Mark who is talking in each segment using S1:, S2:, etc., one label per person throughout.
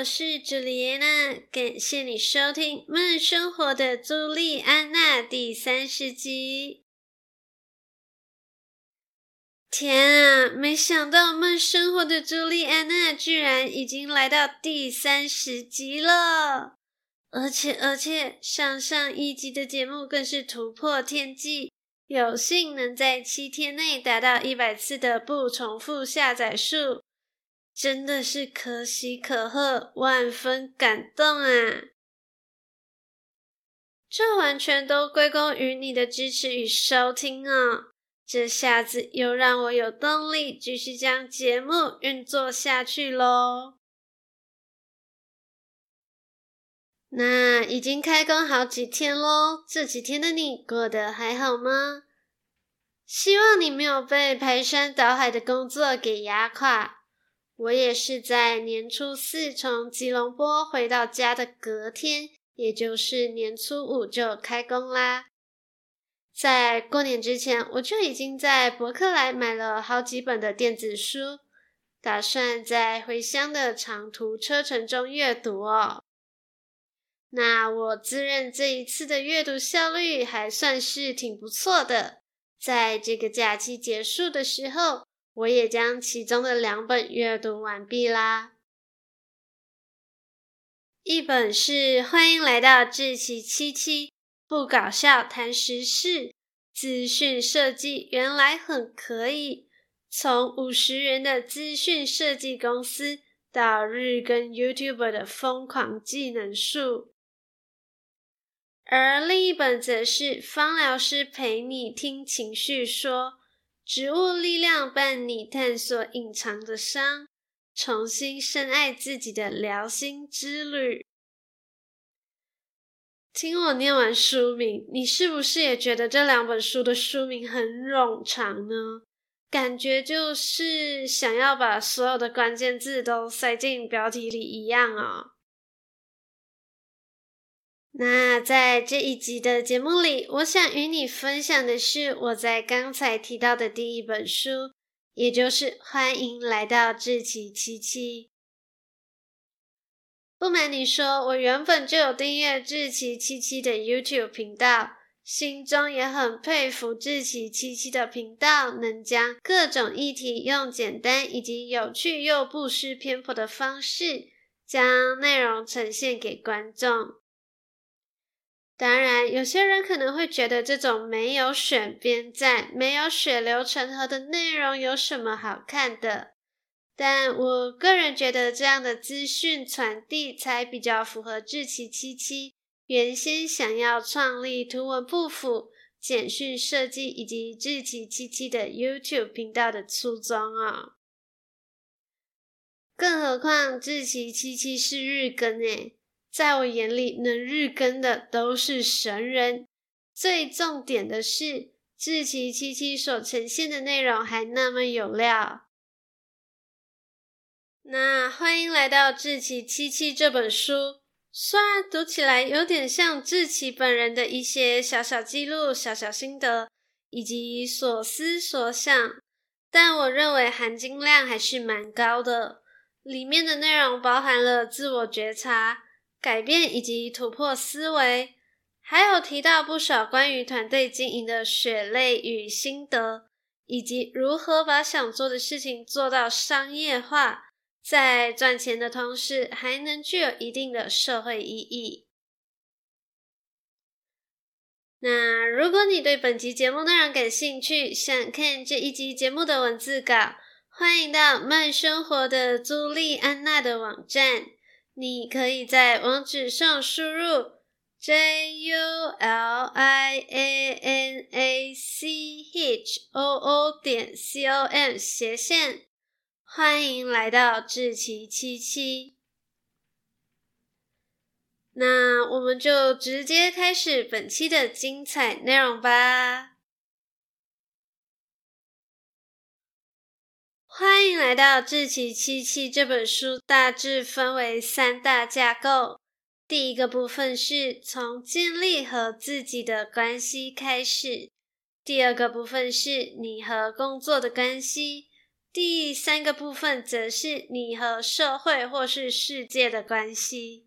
S1: 我是朱麗安娜，感謝你收聽《慢生活的朱莉安娜》第三十集。天啊，沒想到《慢生活的朱莉安娜》居然已經來到第三十集了，而且而且上上一集的節目更是突破天際，有幸能在七天內達到一百次的不重複下載數。真的是可喜可賀，萬分感動啊！這完全都歸功於你的支持與收聽啊、哦！這下子又讓我有動力繼續將節目運作下去嘍。那已經開工好幾天嘍，這幾天的你過得還好嗎？希望你沒有被排山倒海的工作給壓垮。我也是在年初四從吉隆坡回到家的隔天，也就是年初五就開工啦。在過年之前，我就已經在博客來買了好幾本的電子書，打算在回鄉的長途車程中閱讀哦。那我自認這一次的閱讀效率還算是挺不錯的，在這個假期結束的時候。我也將其中的兩本閱讀完畢啦。一本是《歡迎來到志祺七七》，不搞笑談時事，資訊設計原來很可以，從五十人的資訊設計公司到日更 YouTuber 的瘋狂技能樹。而另一本則是《芳療師陪你聽情緒說》。植物力量伴你探索隱藏的傷，重新深愛自己的療心之旅。聽我念完書名，你是不是也覺得這兩本書的書名很冗長呢？感覺就是想要把所有的關鍵字都塞進標題裡一樣啊、哦。那在這一集的節目裡，我想與你分享的是我在剛才提到的第一本書，也就是《歡迎來到志祺七七》。不瞞你說，我原本就有訂閱志祺七七的 YouTube 頻道，心中也很佩服志祺七七的頻道能將各種議題用簡單以及有趣又不失偏頗的方式，將內容呈現給觀眾。當然，有些人可能會覺得這種沒有選邊站、沒有血流成河的內容有什麼好看的。但我個人覺得，這樣的資訊傳遞才比較符合志祺七七原先想要創立圖文不符簡訊設計以及志祺七七的 YouTube 頻道的初衷啊、哦。更何況，志祺七七是日更哎。在我眼裡，能日更的都是神人。最重點的是，志祺七七所呈現的內容還那麼有料。那歡迎來到志祺七七這本書，雖然讀起來有點像志祺本人的一些小小記錄、小小心得以及所思所想，但我認為含金量還是蠻高的。裡面的內容包含了自我覺察。改變以及突破思維，還有提到不少關於團隊經營的血淚與心得，以及如何把想做的事情做到商業化，在賺錢的同時還能具有一定的社會意義。那如果你對本集節目內容感興趣，想看這一集節目的文字稿，歡迎到慢生活的朱莉安娜的網站。你可以在網址上輸入 julianachoo 點 com 斜線，歡迎來到志祺七七。那我們就直接開始本期的精彩內容吧。歡迎來到《志祺七七》這本書，大致分為三大架構。第一個部分是從建立和自己的關係開始；第二個部分是你和工作的關係；第三個部分則是你和社會或是世界的關係。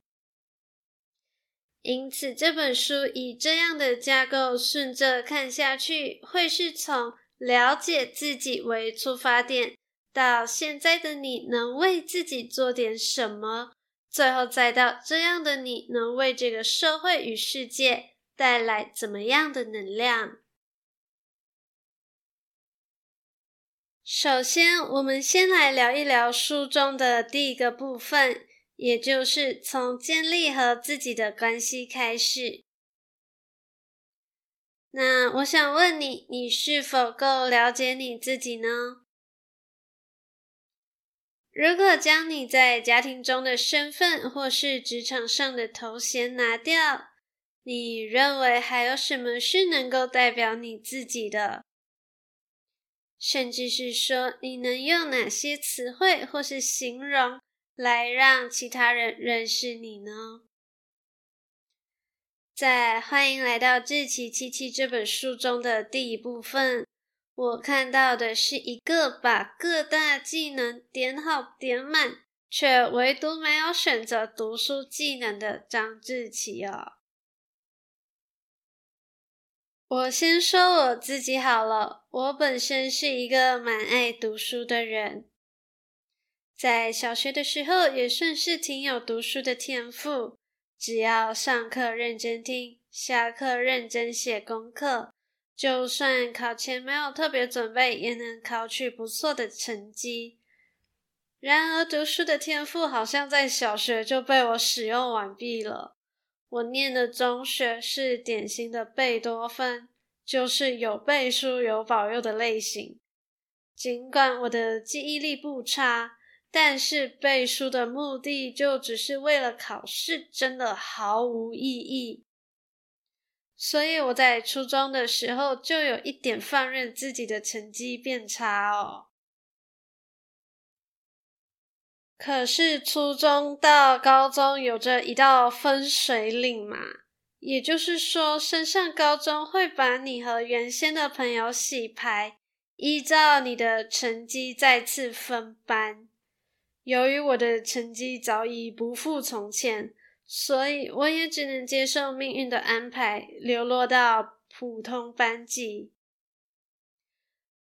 S1: 因此，這本書以這樣的架構順着看下去，會是從了解自己為出發點。到現在的你能為自己做點什麼？最後再到這樣的你能為這個社會與世界帶來怎麼樣的能量？首先，我們先來聊一聊書中的第一個部分，也就是從建立和自己的關係開始。那我想問你，你是否夠了解你自己呢？如果將你在家庭中的身份或是職場上的頭銜拿掉，你認為還有什麼是能夠代表你自己的？甚至是說，你能用哪些詞彙或是形容來讓其他人認識你呢？在歡迎來到《志祺七七》這本書中的第一部分。我看到的是一個把各大技能點好點滿，卻唯獨沒有選擇讀書技能的張志祺哦。我先說我自己好了，我本身是一個蠻愛讀書的人，在小學的時候也算是挺有讀書的天賦，只要上課認真聽，下課認真寫功課，就算考前沒有特別準備，也能考取不錯的成績。然而，讀書的天賦好像在小學就被我使用完畢了。我念的中學是典型的貝多芬，就是有背書有保佑的類型。儘管我的記憶力不差，但是背書的目的就只是為了考試，真的毫無意義。所以我在初中的時候就有一點放任自己的成績變差哦。可是初中到高中有着一道分水嶺嘛，也就是說，升上高中會把你和原先的朋友洗牌，依照你的成績再次分班。由於我的成績早已不復從前。所以我也只能接受命運的安排，流落到普通班級。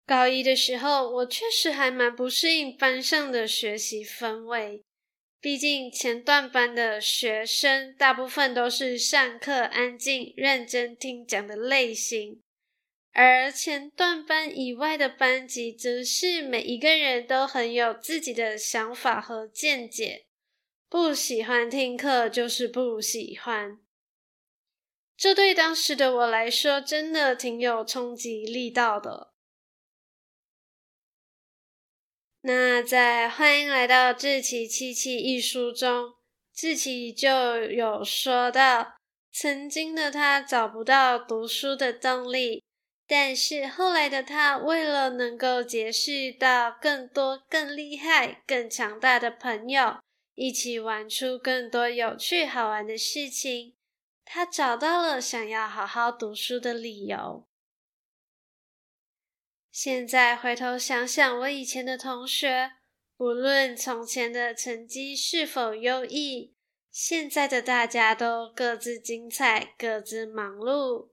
S1: 高一的時候，我確實還蠻不適應班上的學習氛圍。畢竟前段班的學生大部分都是上課安靜、認真聽講的類型，而前段班以外的班級，則是每一個人都很有自己的想法和見解。不喜歡聽課，就是不喜歡。這對當時的我來說，真的挺有衝擊力道的。那在《歡迎來到志祺七七》一書中，志祺就有說到，曾經的他找不到讀書的動力，但是後來的他，為了能夠結識到更多、更厲害、更強大的朋友。一起玩出更多有趣好玩的事情，他找到了想要好好讀書的理由。現在回頭想想，我以前的同學，不論從前的成績是否優異，現在的大家都各自精彩，各自忙碌。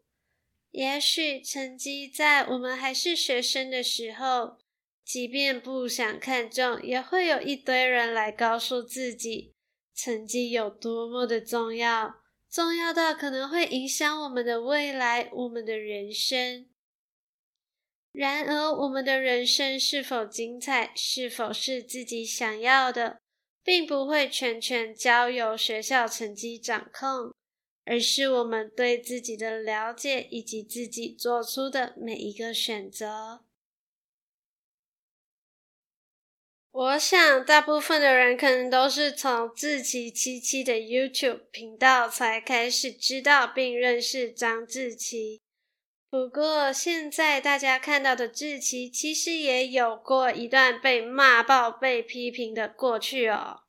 S1: 也許成績在我們還是學生的時候。即便不想看重，也會有一堆人來告訴自己，成績有多麼的重要，重要到可能會影響我們的未來，我們的人生。然而，我們的人生是否精彩，是否是自己想要的，並不會全權交由學校成績掌控，而是我們對自己的了解以及自己做出的每一個選擇。我想，大部分的人可能都是從志祺七七的 YouTube 頻道才開始知道並認識張志祺。不過，現在大家看到的志祺，其實也有過一段被罵爆、被批評的過去哦。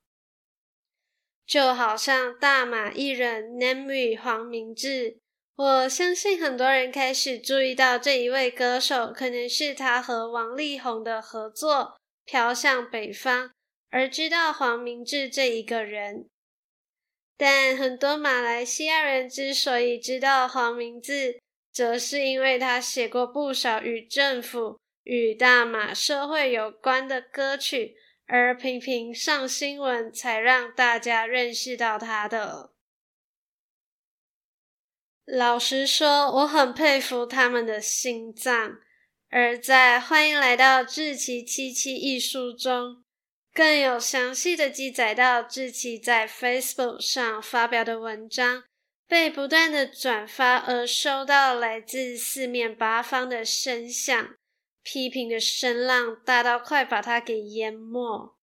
S1: 就好像大馬藝人 Namewee 黃明志，我相信很多人開始注意到這一位歌手，可能是他和王力宏的合作。飄向北方，而知道黃明志這一個人。但很多馬來西亞人之所以知道黃明志，則是因為他寫過不少與政府、與大馬社會有關的歌曲，而頻頻上新聞，才讓大家認識到他的。老實說，我很佩服他們的心臟。而在《歡迎來到志祺七七》一書中，更有詳細的記載到志祺在 Facebook 上發表的文章被不斷的轉發，而收到來自四面八方的聲響，批評的聲浪大到快把它給淹沒。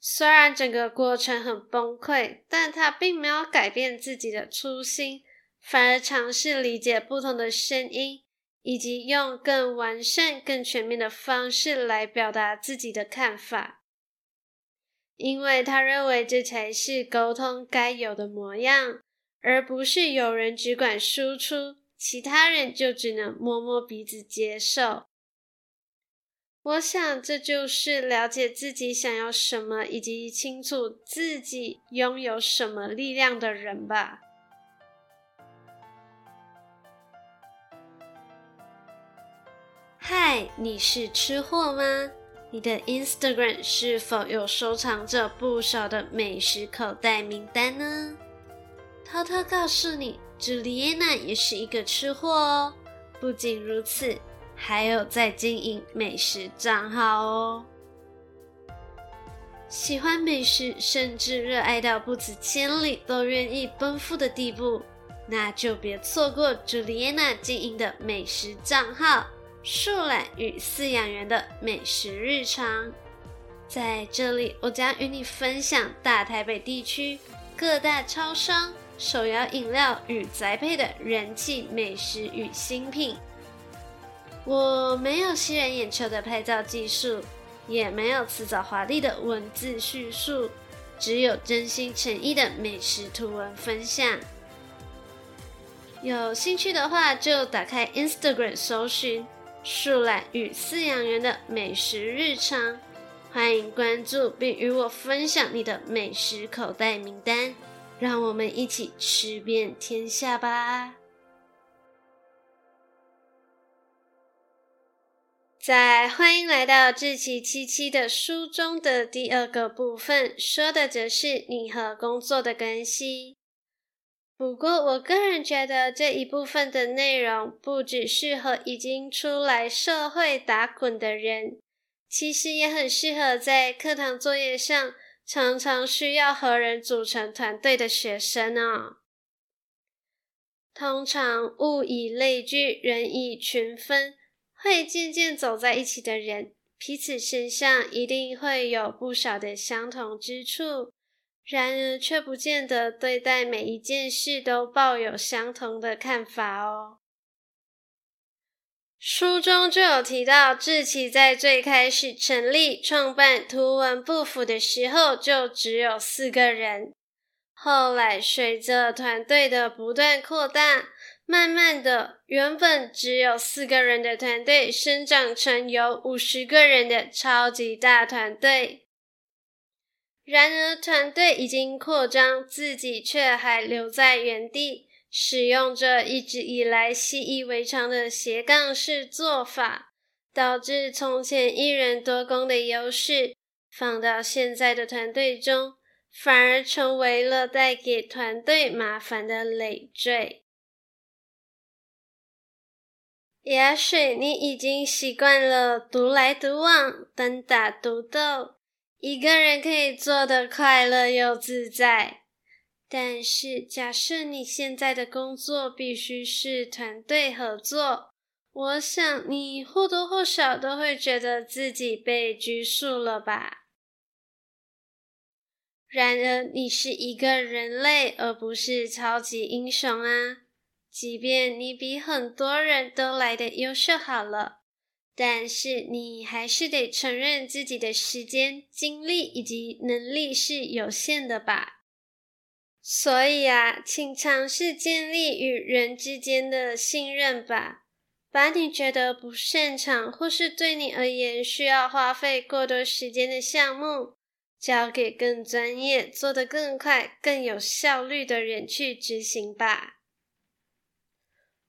S1: 雖然整個過程很崩潰，但他並沒有改變自己的初心，反而嘗試理解不同的聲音。以及用更完善、更全面的方式來表達自己的看法，因為他認為這才是溝通該有的模樣，而不是有人只管輸出，其他人就只能摸摸鼻子接受。我想，這就是了解自己想要什麼，以及清楚自己擁有什麼力量的人吧。嗨，Hi，你是吃貨嗎？你的 Instagram 是否有收藏着不少的美食口袋名單呢？偷偷告訴你，朱麗安娜也是一個吃貨哦。不僅如此，還有在經營美食賬號哦。喜歡美食，甚至熱愛到不辭千里都願意奔赴的地步，那就別錯過朱麗安娜經營的美食賬號。樹懶與飼養員的美食日常，在這裡我將與你分享大台北地區各大超商、手搖飲料與宅配的人氣美食與新品。我沒有吸人眼球的拍照技術，也沒有辭藻華麗的文字敘述，只有真心誠意的美食圖文分享。有興趣的話，就打開 Instagram 搜尋。樹懶與飼養員的美食日常，歡迎關注並與我分享你的美食口袋名單，讓我們一起吃遍天下吧！在歡迎來到志祺七七的書中的第二個部分，說的則是你和工作的關係。不過，我個人覺得這一部分的內容不只適合已經出來社會打滾的人，其實也很適合在課堂作業上常常需要和人組成團隊的學生哦。通常物以類聚，人以群分，會漸漸走在一起的人，彼此身上一定會有不少的相同之處。然而，卻不見得對待每一件事都抱有相同的看法哦。書中就有提到，志祺在最開始成立創辦圖文不符的時候，就只有四個人。後來，隨着團隊的不斷擴大，慢慢的，原本只有四個人的團隊，生長成有五十個人的超級大團隊。然而，團隊已經擴張，自己卻還留在原地，使用着一直以來習以為常的斜槓式做法，導致從前一人多工的優勢，放到現在的團隊中，反而成為了帶給團隊麻煩的累贅。也許你已經習慣了獨來獨往，單打獨鬥。一個人可以做得快樂又自在，但是假設你現在的工作必須是團隊合作，我想你或多或少都會覺得自己被拘束了吧。然而，你是一個人類，而不是超級英雄啊！即便你比很多人都來得優秀好了。但是你還是得承認自己的時間、精力以及能力是有限的吧。所以啊，請嘗試建立與人之間的信任吧。把你覺得不擅長，或是對你而言需要花費過多時間的項目，交給更專業、做得更快、更有效率的人去執行吧。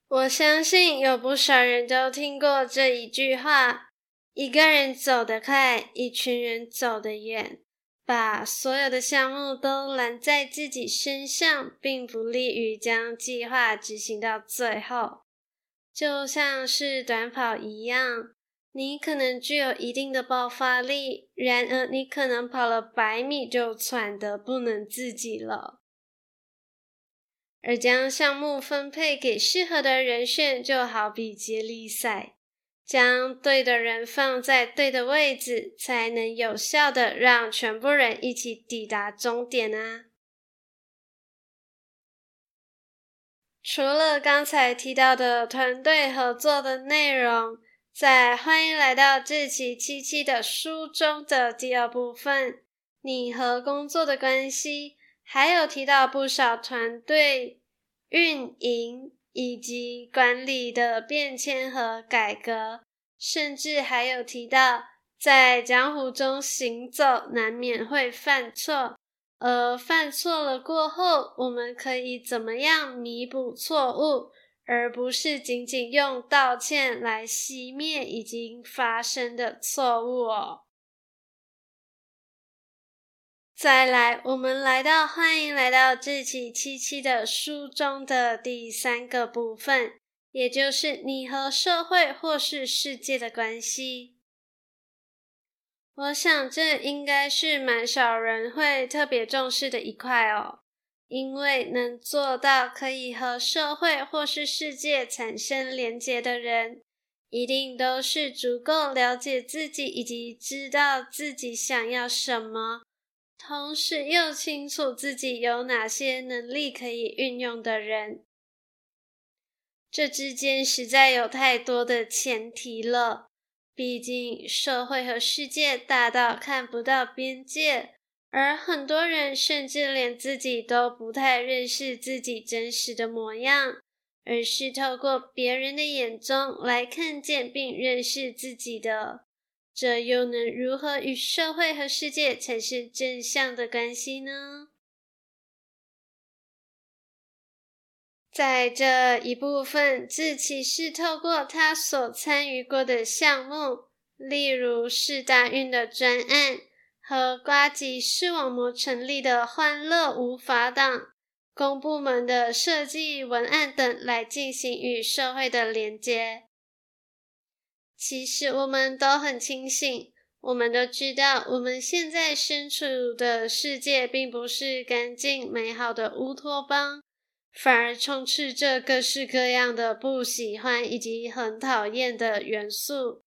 S1: 我相信有不少人都聽過這一句話：“一個人走得快，一群人走得遠。”把所有的項目都攬在自己身上，並不利於將計劃執行到最後。就像是短跑一樣，你可能具有一定的爆發力，然而你可能跑了百米就喘得不能自己了。而將項目分配給適合的人選，就好比接力賽，將對的人放在對的位置，才能有效的讓全部人一起抵達終點啊！除了剛才提到的團隊合作的內容，在歡迎來到志祺七七的書中的第二部分，你和工作的關係。還有提到不少團隊運營以及管理的變遷和改革，甚至還有提到在江湖中行走難免會犯錯，而犯錯了過後，我們可以怎麼樣彌補錯誤，而不是僅僅用道歉來熄滅已經發生的錯誤哦。再來，我們來到歡迎來到志祺七七的書中的第三個部分，也就是你和社會或是世界的關係。我想這應該是蠻少人會特別重視的一塊哦，因為能做到可以和社會或是世界產生連結的人，一定都是足夠了解自己以及知道自己想要什麼。同時又清楚自己有哪些能力可以運用的人，這之間實在有太多的前提了。畢竟社會和世界大到看不到邊界，而很多人甚至連自己都不太認識自己真實的模樣，而是透過別人的眼中來看見並認識自己的。這又能如何與社會和世界產生正向的關係呢？在這一部分，志祺是透過他所參與過的項目，例如世大運的專案和呱吉視網膜成立的“歡樂無法黨”、公部門的設計文案等，來進行與社會的連接。其實我們都很清醒，我們都知道我們現在身處的世界並不是乾淨美好的烏托邦，反而充斥着各式各樣的不喜歡以及很討厭的元素。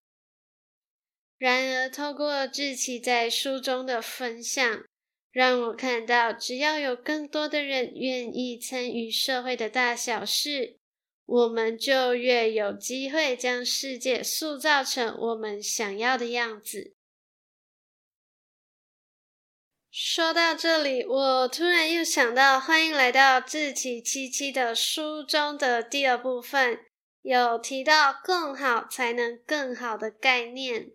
S1: 然而，透過志祺在書中的分享，讓我看到，只要有更多的人願意參與社會的大小事。我們就越有機會將世界塑造成我們想要的樣子。說到這裡，我突然又想到，歡迎來到志祺七七的書中的第二部分，有提到“共好才能更好的”概念。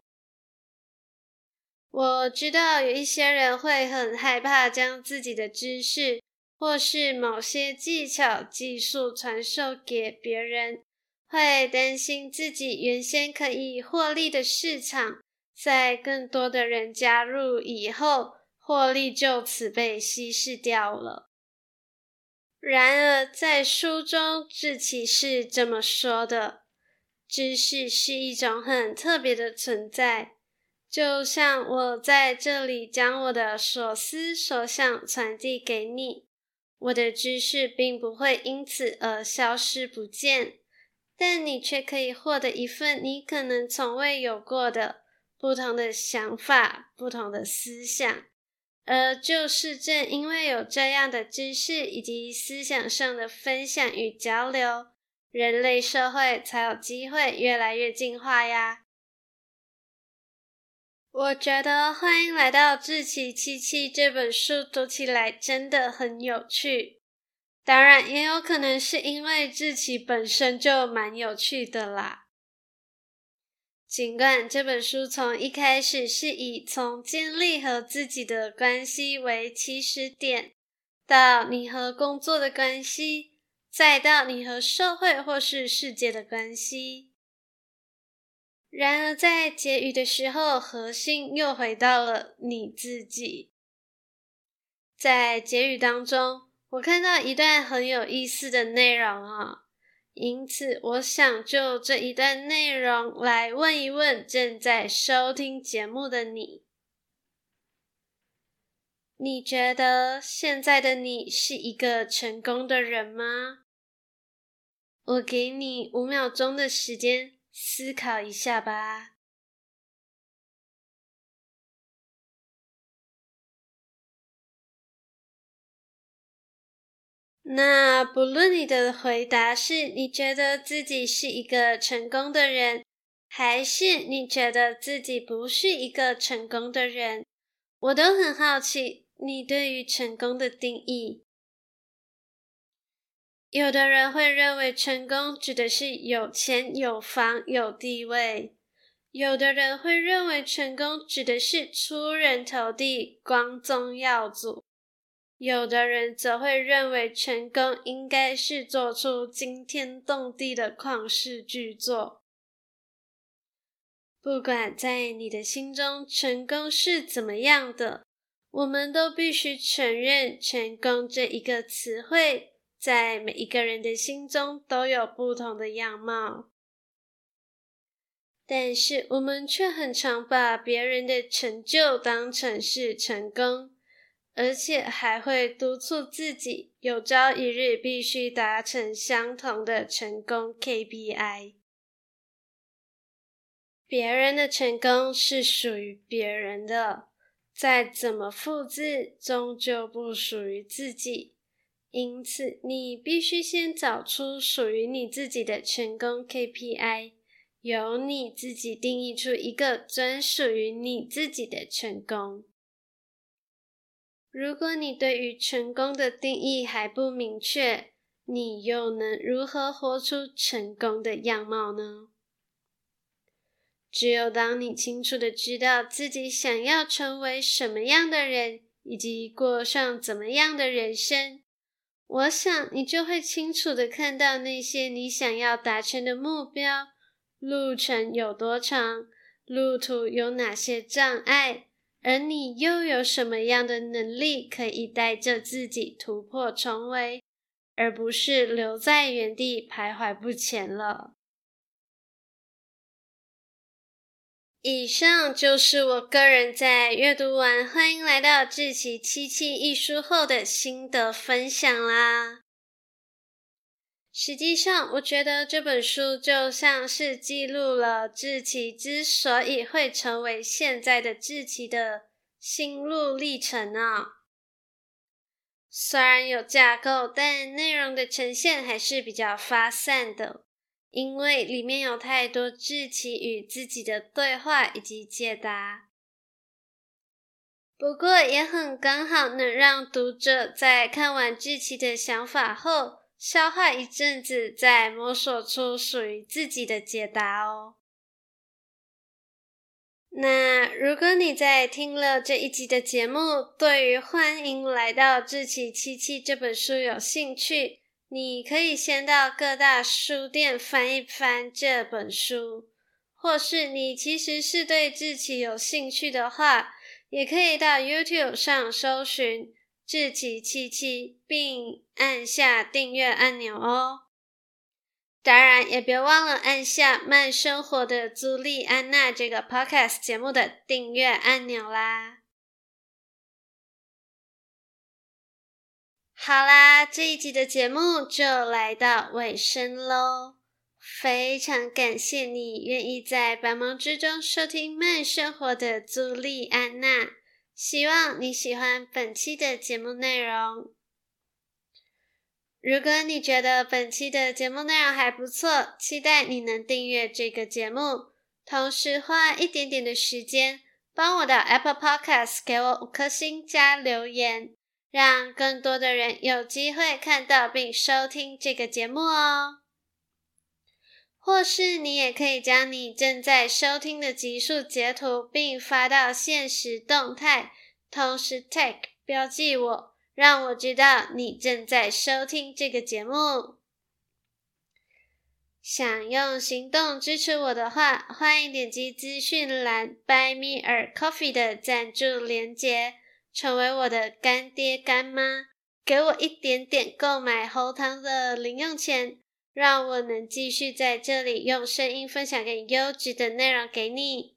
S1: 我知道有一些人會很害怕將自己的知識。或是某些技巧、技術傳授給別人，會擔心自己原先可以獲利的市場，在更多的人加入以後，獲利就此被稀釋掉了。然而，在書中，志祺是這麼說的：“知識是一種很特別的存在，就像我在這裡將我的所思所想傳遞給你。”我的知識並不會因此而消失不見，但你卻可以獲得一份你可能從未有過的不同的想法、不同的思想。而就是正因為有這樣的知識以及思想上的分享與交流，人類社會才有機會越來越進化呀。我覺得《歡迎來到志祺七七》這本書讀起來真的很有趣，當然也有可能是因為志祺本身就蠻有趣的啦。儘管這本書從一開始是以從建立和自己的關係為起始點，到你和工作的關係，再到你和社會或是世界的關係。然而在結語的時候，核心又回到了你自己。在結語當中，我看到一段很有意思的內容啊、喔，因此我想就這一段內容來問一問正在收聽節目的你。你覺得現在的你是一個成功的人嗎？我給你五秒鐘的時間。思考一下吧。那不論你的回答是你覺得自己是一個成功的人，還是你覺得自己不是一個成功的人，我都很好奇你對於成功的定義。有的人會認為成功指的是有錢有房有地位，有的人會認為成功指的是出人頭地光宗耀祖，有的人則會認為成功應該是做出驚天動地的曠世巨作。不管在你的心中成功是怎麼樣的，我們都必須承認成功這一個詞彙。在每一個人的心中都有不同的樣貌，但是我們卻很常把別人的成就當成是成功，而且還會督促自己有朝一日必須達成相同的成功 KPI。別人的成功是屬於別人的，再怎麼複製，終究不屬於自己。因此，你必須先找出屬於你自己的成功 KPI，由你自己定義出一個專屬於你自己的成功。如果你對於成功的定義還不明確，你又能如何活出成功的樣貌呢？只有當你清楚的知道自己想要成為什麼樣的人，以及過上怎麼樣的人生。我想，你就會清楚地看到那些你想要達成的目標，路程有多長，路途有哪些障礙，而你又有什麼樣的能力可以帶着自己突破重圍，而不是留在原地徘徊不前了。以上就是我個人在閱讀完《歡迎來到志祺七七一書》後的心得分享啦。實際上，我覺得這本書就像是記錄了志祺之所以會成為現在的志祺的心路歷程呢、啊。雖然有架構，但內容的呈現還是比較發散的。因為裡面有太多志祺與自己的對話以及解答，不過也很剛好能讓讀者在看完志祺的想法後，消化一陣子，再摸索出屬於自己的解答哦。那如果你在聽了這一集的節目，對於歡迎來到志祺七七這本書有興趣。你可以先到各大書店翻一翻這本書，或是你其實是對志祺有興趣的話，也可以到 YouTube 上搜尋“志祺七七”，並按下訂閱按鈕哦。當然，也別忘了按下《慢生活的朱莉安娜》這個 Podcast 節目的訂閱按鈕啦。好啦，這一集的節目就來到尾聲嘍。非常感謝你願意在百忙之中收聽慢生活的朱莉安娜。希望你喜歡本期的節目內容。如果你覺得本期的節目內容還不錯，期待你能訂閱這個節目，同時花一點點的時間，幫我到 Apple Podcast 給我五顆星加留言。讓更多的人有機會看到並收聽這個節目哦。或是你也可以將你正在收聽的集數截圖，並發到限時動態，同時 tag 標記我，讓我知道你正在收聽這個節目。想用行動支持我的話，歡迎點擊資訊欄「Buy Me a Coffee」的贊助鏈接。成為我的乾爹乾媽，給我一點點購買喉糖的零用錢，讓我能繼續在這裡用聲音分享給優質的內容給你。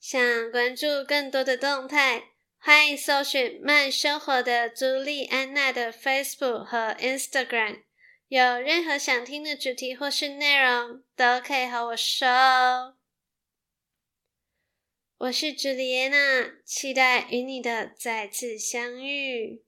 S1: 想關注更多的動態，歡迎搜尋慢生活的朱莉安娜的 Facebook 和 Instagram。有任何想聽的主題或是內容，都可以和我說哦。我是 Juliana，期待與你的再次相遇。